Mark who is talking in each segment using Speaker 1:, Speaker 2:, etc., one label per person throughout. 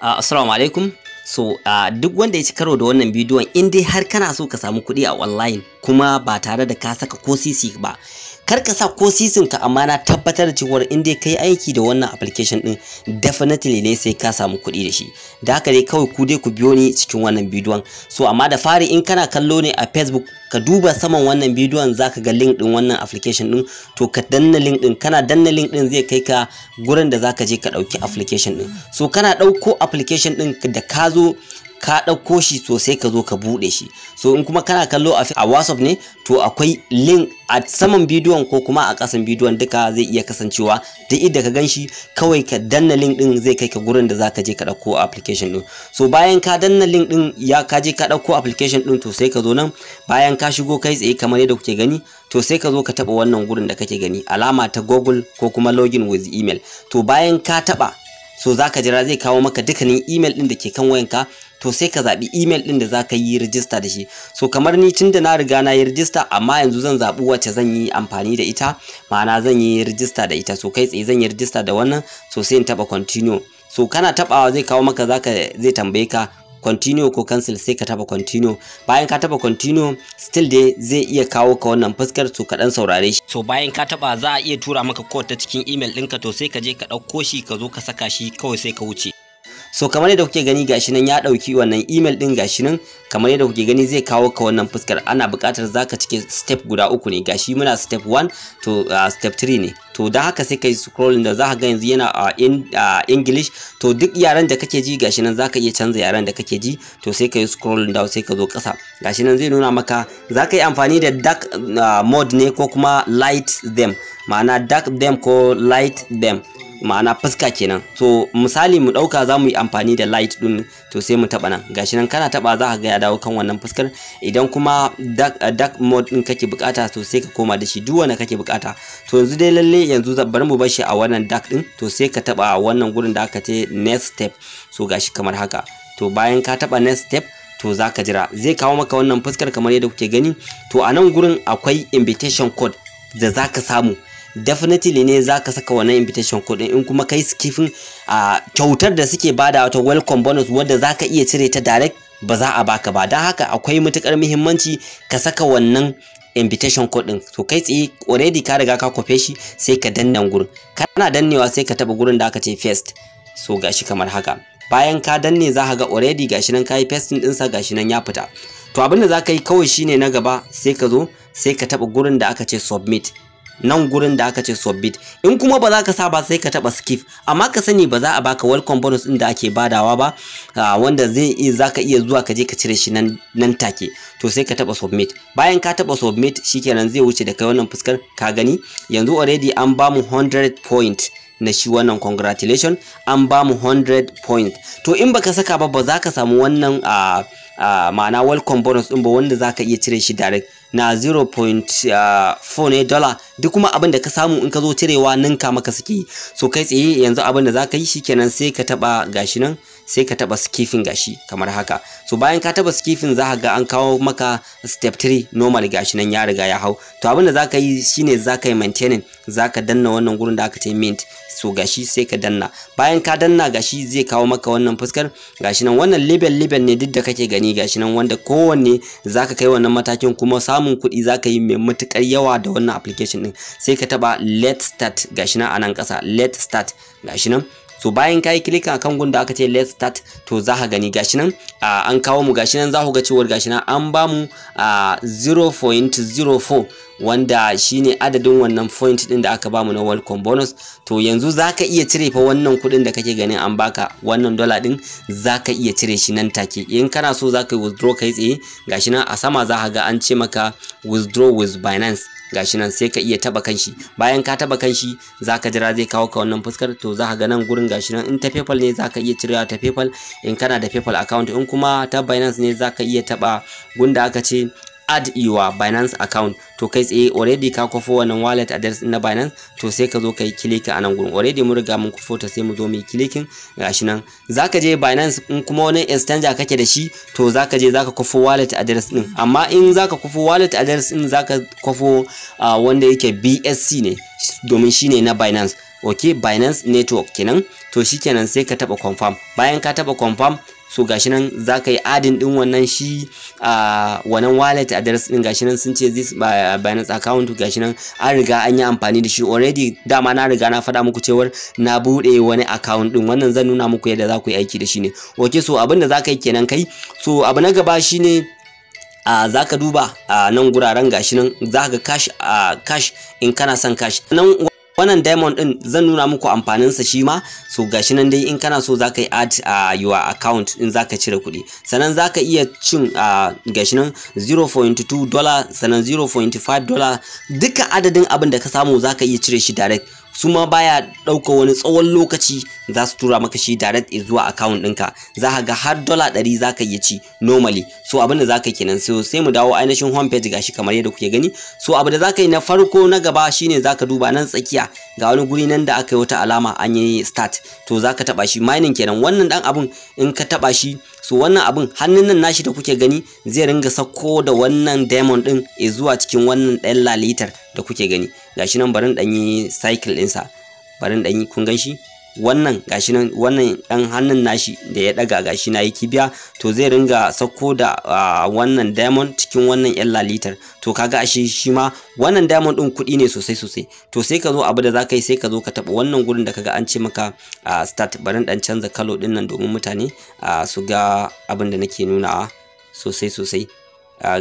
Speaker 1: Ah, assalamu alaikum so ah, duk wanda ya ci karo da wannan bidiyon in dai har kana so ka samu kuɗi a online kuma ba tare da ka saka ko sisi ba kar ka sa ko sisin ka amma na tabbatar da cewa inda dai kai aiki da wannan application din definitely ne sai ka samu kuɗi da shi da haka dai kawai ku dai ku biyo ni cikin wannan bidiyon so amma da fari in kana kallo ne a facebook ka duba saman wannan bidiyon zaka ga link din wannan application din to ka danna link din kana danna link din zai kai ka gurin da zaka je ka dauki application din so kana dauko application din da ka zo ka ɗauko shi to sai ka zo ka buɗe shi so in kuma kana kallo a whatsapp ne to akwai link a saman bidiyon ko kuma a kasan bidiyon duka zai iya kasancewa duk inda ka ganshi kawai ka danna link din zai kai ka gurin da zaka je ka ɗauko application din. so bayan ka danna link din ya ka je ka ɗauko application din to sai ka zo nan bayan ka shigo kai tsaye kamar yadda kuke gani to sai ka zo ka taɓa wannan gurin da kake gani alama ta google ko kuma login with email to bayan ka taba so zaka jira zai kawo maka dukkanin email din da ke kan wayanka to sai ka zaɓi email ɗin da za ka yi rijista da shi so kamar ni tun da na riga na yi rijista amma yanzu zan zaɓi wacce zan yi amfani da ita ma'ana zan yi rijista da ita so kai tsaye zan yi rijista da wannan so sai in taɓa continue so kana tabawa zai kawo maka zaka zai tambaye ka continue ko cancel sai ka taba continue bayan ka taba continue still dai zai iya kawo ka wannan fuskar to ka dan saurare shi so bayan ka taba za a iya tura maka code ta cikin email ɗinka to sai ka je ka ɗauko shi ka zo ka saka shi kawai sai ka wuce so kamar yadda kuke gani gashi nan ya dauki wannan email din gashi nan kamar yadda kuke gani zai kawo ka wannan fuskar ana buƙatar zaka cike step guda uku ne gashi muna step 1 to uh, step 3 ne to da haka sai kai scrolling da zaka ga yanzu yana a ah, in, uh, English to duk yaren da kake ji gashi nan zaka iya canza yaren da kake ji to sai kai scrolling down sai ka zo ƙasa gashi nan zai nuna maka zaka yi amfani da dark uh, mode ne ko kuma light them ma'ana dark them ko light them ma'ana fuska kenan so misali mu dauka za mu yi amfani da light din to sai mu taba nan gashi nan kana taba za ka ga ya dawo kan wannan fuskar idan kuma dark, dark mode din kake bukata to sai ka koma da shi duk wanda kake bukata to yanzu dai lalle yanzu bari mu bar shi a wannan dark din to sai ka taba wannan gurin da aka ce next step so gashi kamar haka to bayan ka taba next step to za ka jira zai kawo maka wannan fuskar kamar yadda kuke gani to a nan gurin akwai invitation code da za ka samu definitely ne za ka saka wannan invitation code in kuma kai skifin a kyautar da suke bada wata welcome bonus wanda za ka iya cire ta direct ba za a baka ba don haka akwai matukar muhimmanci ka saka wannan invitation code din to kai tsaye already ka riga ka kofe shi sai ka dannan gurin kana dannewa sai ka taba gurin da aka ce first so gashi kamar haka bayan ka danne za ka ga already gashi nan kayi din sa gashi nan ya fita to abin da za ka yi kawai shine na gaba sai ka zo sai ka taba gurin da aka ce submit nan gurin da aka ce submit in kuma ba za ka sa ba sai ka taba skip amma ka sani ba za a baka welcome bonus din da ake badawa ba wanda zai za ka iya zuwa ka je ka cire shi nan nan take to sai ka taba submit bayan ka taba submit shikenan zai wuce da kai wannan fuskar ka gani yanzu already an bamu 100 point na shi wannan congratulation an bamu 100 point to in baka saka ba ba za ka samu wannan a Ah, ma'ana welcome bonus din ba wanda zaka iya cire shi direct na 0.4 ah, ne dollar duk kuma abin da ka samu in ka zo cirewa ninka maka suke so kai tsaye yanzu abin da zaka yi shikenan sai ka taba gashi nan sai ka taba skifin gashi kamar haka so bayan ka taba skipping za ka ga an kawo maka step 3 normal gashi nan ya riga ya hau to abin da za ka yi shine za ka yi maintaining za ka danna wannan gurin da aka ce mint so gashi sai ka danna bayan ka danna gashi zai kawo maka wannan fuskar gashi nan wannan label label ne duk da kake gani gashi nan wanda kowanne za ka kai wannan matakin kuma samun kuɗi za ka yi mai matukar yawa da wannan application din sai ka taba let start gashi nan a nan ƙasa let start gashi nan so bayan kai click akan gun da aka ce let's start to za ka gani gashi nan an kawo mu gashi nan za ku ga cewa gashi nan an ba mu 0.04 wanda shine adadin wannan point din da aka bamu na welcome bonus to yanzu zaka iya cire fa wannan kudin da kake ganin an baka wannan dola din zaka iya cire shi nan take in kana so zaka withdraw kai tsaye gashi nan a sama za ga an ce maka withdraw with Binance gashi nan sai ka iya taba kanshi bayan ka taba kanshi zaka jira zai kawo ka wannan fuskar to zaka ga nan gurin gashi nan in ta PayPal ne zaka iya cirewa ta PayPal in kana da PayPal account in kuma ta Binance ne zaka iya taba gunda aka ce add your Binance account to kai tsaye already ka kofo wannan wallet address na Binance to sai ka zo kai kilika a nan gurin already mun riga mun kofo ta sai mu zo mu kilikin gashi nan zaka je Binance in kuma wani exchange kake da shi to zaka je zaka kofo wallet address din amma in zaka kofo wallet address din zaka kofo wanda yake BSC ne domin shine na Binance okay Binance network kenan to shikenan sai ka taba confirm bayan ka taba confirm so gashi nan za ka yi adin din wannan shi a wannan wallet address din gashi nan sun ce this binance account gashi nan an riga an yi amfani da shi already dama na riga na faɗa muku cewar na buɗe wani account din wannan zan nuna muku yadda za ku yi aiki da shi ne okay so abinda za ka yi kenan kai so abu na gaba shi ne Uh, za duba a uh, nan guraren gashi nan za ka cash a cash in kana son cash nan wannan diamond din zan nuna muku amfanin sa shi ma so gashi nan dai in kana so zaka yi add a uh, your account in zaka cire kuɗi sannan zaka iya cin uh, gashi nan 0.2 dollar sannan 0.5 dollar duka adadin abin da ka samu zaka iya cire shi direct su ma baya ɗauka wani tsawon lokaci za su tura maka shi direct zuwa account ɗinka za ka ga har dola ɗari za ka iya ci normally so abin da za ka kenan so sai mu dawo ainihin homepage ga gashi kamar yadda kuke gani so abu da za ka yi na farko na gaba shine za ka duba nan tsakiya ga wani guri nan da aka yi wata alama an yi start to za ka taɓa shi mining kenan wannan ɗan abun in ka taɓa shi so wannan abin, hannun nan nashi da kuke gani zai ringa sako da wannan diamond ɗin zuwa cikin wannan ɗan lalitar da kuke gani gashi nan barin dan yi cycle ɗinsa barin dan yi kun gan wannan gashi nan wannan dan hannun nashi da ya daga gashi na yi kibiya to zai ringa sako da wannan diamond cikin wannan yan lalitar to kaga ashe shi ma wannan diamond din kuɗi ne sosai sosai to sai ka zo abu da zaka yi sai ka zo ka taɓa wannan gurin da kaga an ce maka start barin dan canza kalo din nan domin mutane su ga abin da nake nunawa sosai sosai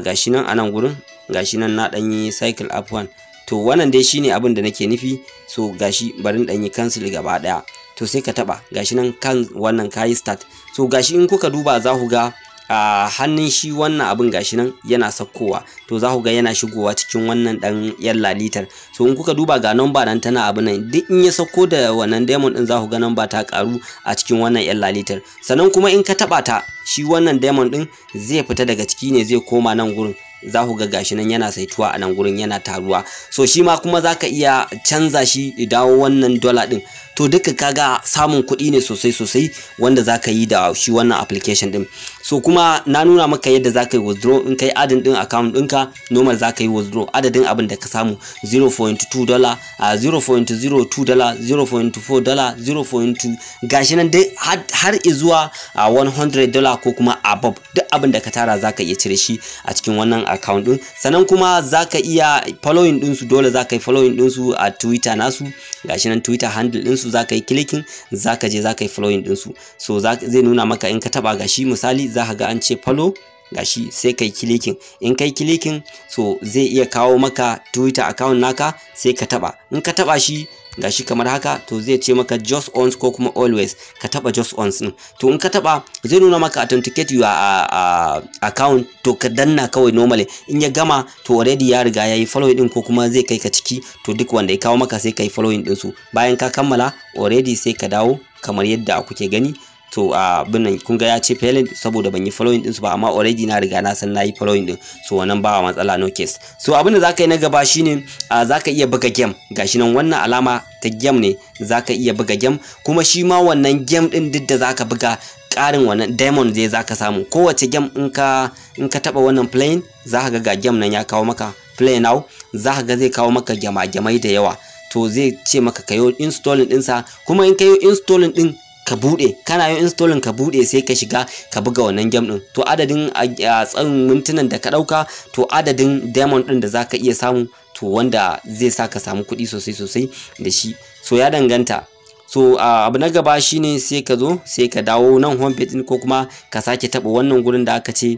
Speaker 1: gashi nan a gurin gashi nan na yi cycle up one to wannan dai shine abin da nake nufi so gashi barin dan yi cancel gaba daya to sai ka taba gashi nan kan wannan kayi start so gashi in kuka duba za ku ga a hannun shi wannan abin gashi nan yana sakkowa to za ku ga yana shigowa cikin wannan dan yalla liter so in kuka duba ga number nan tana abin nan duk in ya sakko da wannan diamond din za ku ga number ta karu a cikin wannan yalla liter sannan kuma in ka taba ta shi wannan diamond din zai fita daga ciki ne zai koma nan gurin za ku ga gashi nan yana saituwa a nan gurin yana taruwa so shi ma kuma za ka iya canza shi dawo wannan dola ɗin to duka kaga samun kuɗi ne sosai sosai wanda za ka yi da shi wannan application din so kuma na nuna maka yadda za ka yi withdraw in kai adin din account ɗinka normal za ka yi withdraw adadin abin da ka samu 0.2 dollar a 0.02 dollar 0.4 dollar 0.2 gashi nan dai har izuwa a 100 dollar ko kuma above duk abin da ka tara za ka iya cire shi a cikin wannan account din sannan kuma za ka iya following ɗinsu dole za ka yi following ɗinsu a twitter nasu gashi nan twitter handle ɗinsu za ka yi clicking za ka je za ka yi following ɗinsu so zai nuna maka in ka taɓa gashi misali za ka ga an ce follow gashi sai kai kilikin in kai kilikin so zai iya kawo maka twitter account naka sai ka taba in ka taba shi gashi kamar haka to zai ce maka just Ons ko kuma always ka taba just Ons din to in ka taba zai nuna maka authenticate your uh, account to ka danna kawai normally in ya gama to already ya riga yayi follow din ko kuma zai kai ka ciki to duk wanda ya kawo maka sai kai following din su bayan ka kammala already sai ka dawo kamar yadda kuke gani to a nan, kun ga ya ce failing saboda ban yi following din su ba amma already na riga na san na yi following din so wannan ba matsala no case so abin da zaka yi na gaba shine zaka iya buga game gashi nan wannan alama ta game ne zaka iya buga game kuma shi ma wannan game din duk da zaka buga karin wannan diamond zai zaka samu kowace game in ka in ka taba wannan plane zaka ga ga game nan ya kawo maka play now zaka ga zai kawo maka gyama-gyamai da yawa to zai ce maka kayo installing dinsa kuma in kayo installing din ka buɗe kana yin installing ka buɗe sai ka shiga ka buga wannan game din. to adadin a tsarin mintunan da ka ɗauka to adadin diamond din da zaka iya samu to wanda zai sa ka samu kuɗi sosai sosai da shi so ya danganta so abu na gaba shine sai ka zo sai ka dawo nan home page ko kuma ka sake taɓa wannan gurin da aka ce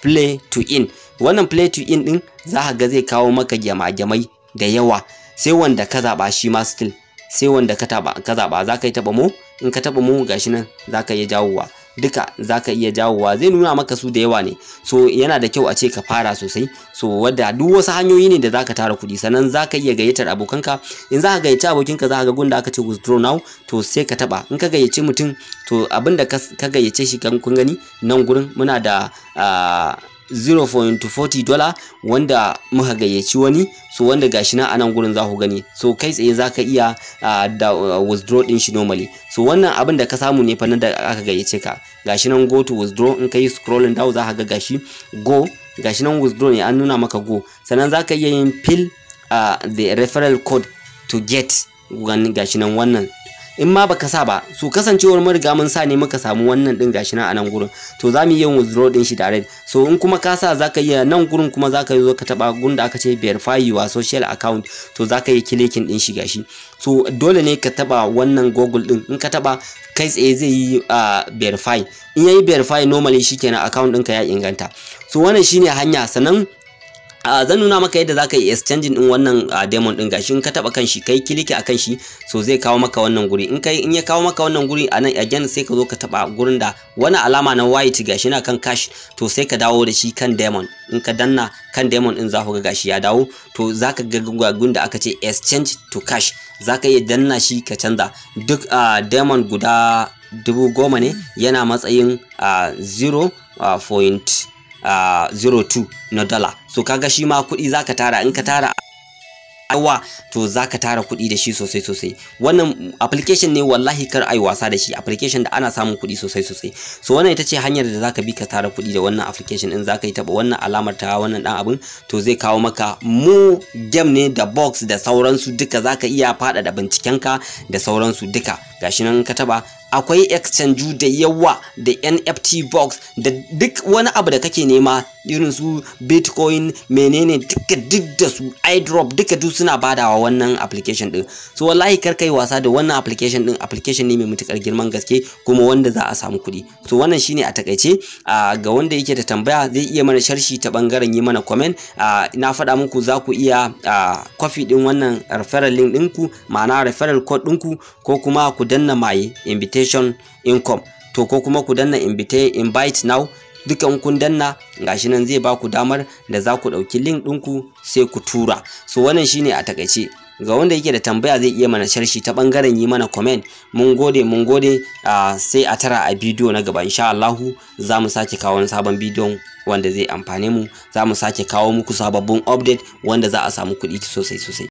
Speaker 1: play to in wannan play to in din za ka ga zai kawo maka gyama-gyamai da yawa sai wanda ka zaɓa shi ma still sai wanda ka zaɓa za ka yi taɓa mo in ka taba mumu gashi nan zaka iya jawowa duka zaka iya jawowa zai nuna maka su da yawa ne so yana da kyau a ce ka fara sosai so wadda duk wasu hanyoyi ne da zaka tara kuɗi sannan zaka iya gayyatar abokanka in zaka gayyaci abokinka zaka ga gunda aka ce withdraw now to sai ka taba in ka gayyaci mutum to abinda ka gayyace shi kan kun gani nan gurin muna da ah, 0.40 dola wanda muka gayyaci wani so wanda gashi na anan gurin za gani so kai tsaye za ka iya uh, da uh, withdraw din shi normally so wannan abin da ka samu ne fa da aka gayyace ka gashi nan go to withdraw in kai scrolling down za ka ga gashi go gashi nan withdraw ne an nuna maka go sannan za ka iya yin fill uh, the referral code to get gashi nan wannan in ma baka sa ba su kasancewar mun riga mun sa ne muka samu wannan din gashi nan a nan gurin to za mu yi withdraw din shi direct so in kuma ka sa zaka iya nan gurin kuma zaka yi zo ka taba gunda aka ce verify your social account to zaka yi clicking din shi gashi so dole ne ka taba wannan google din in ka taba kai tsaye zai yi verify in yayi verify normally shikenan account ɗinka ya inganta so wannan shine hanya sannan Uh, zan nuna maka yadda zaka yi exchanging din wannan uh, demon din gashi in ka taba kan shi kai kiliki akan shi so zai kawo maka wannan guri in kai in ya kawo maka wannan guri anan again sai ka zo ka taba gurin da wani alama na white gashi na kan cash to sai ka dawo da shi kan demon in ka danna kan demon din ku ga gashi ya dawo to zaka ga gungun da aka ce exchange to cash zaka iya danna shi ka canza duk uh, demon guda dubu goma ne yana matsayin uh, 0.5 02 na dala so kaga shi ma kuɗi zaka tara in ka tara awa to zaka tara kuɗi da shi sosai sosai wannan application ne wallahi kar ai wasa da shi application da ana samun kuɗi sosai sosai so wannan ita ce hanyar da zaka bi ka tara kuɗi da wannan application in zaka yi taba wannan alamar ta wannan dan abin to zai kawo maka mu game ne da box da sauransu duka zaka iya faɗaɗa ka da sauransu duka gashi nan ka taba akwai exchange da yawa da nft box da duk wani abu da kake nema irin su bitcoin menene duka duk da su idrop duka duk suna badawa wannan application din so wallahi kar kai wasa da wannan application din application ne mai matukar girman gaske kuma wanda za a samu kuɗi so wannan shine a takaice ga wanda yake da tambaya zai iya mana sharshi ta bangaren yi mana comment na faɗa muku za ku iya kwafi din wannan referral link ɗinku ma'ana referral code ɗinku ko kuma ku danna my invitation income to ko kuma ku danna invite now dukan kun danna gashi nan zai baku damar da za ku ɗauki link ɗinku sai ku tura so wannan shine a takaice ga wanda yake da tambaya zai iya mana sharshi ta bangaren yi mana comment mun gode mun gode sai a tara a bidiyo na gaba insha Allahu za mu sake kawo wani sabon bidiyon wanda zai amfane mu za mu sake kawo muku sababbin update wanda za a samu kuɗi sosai sosai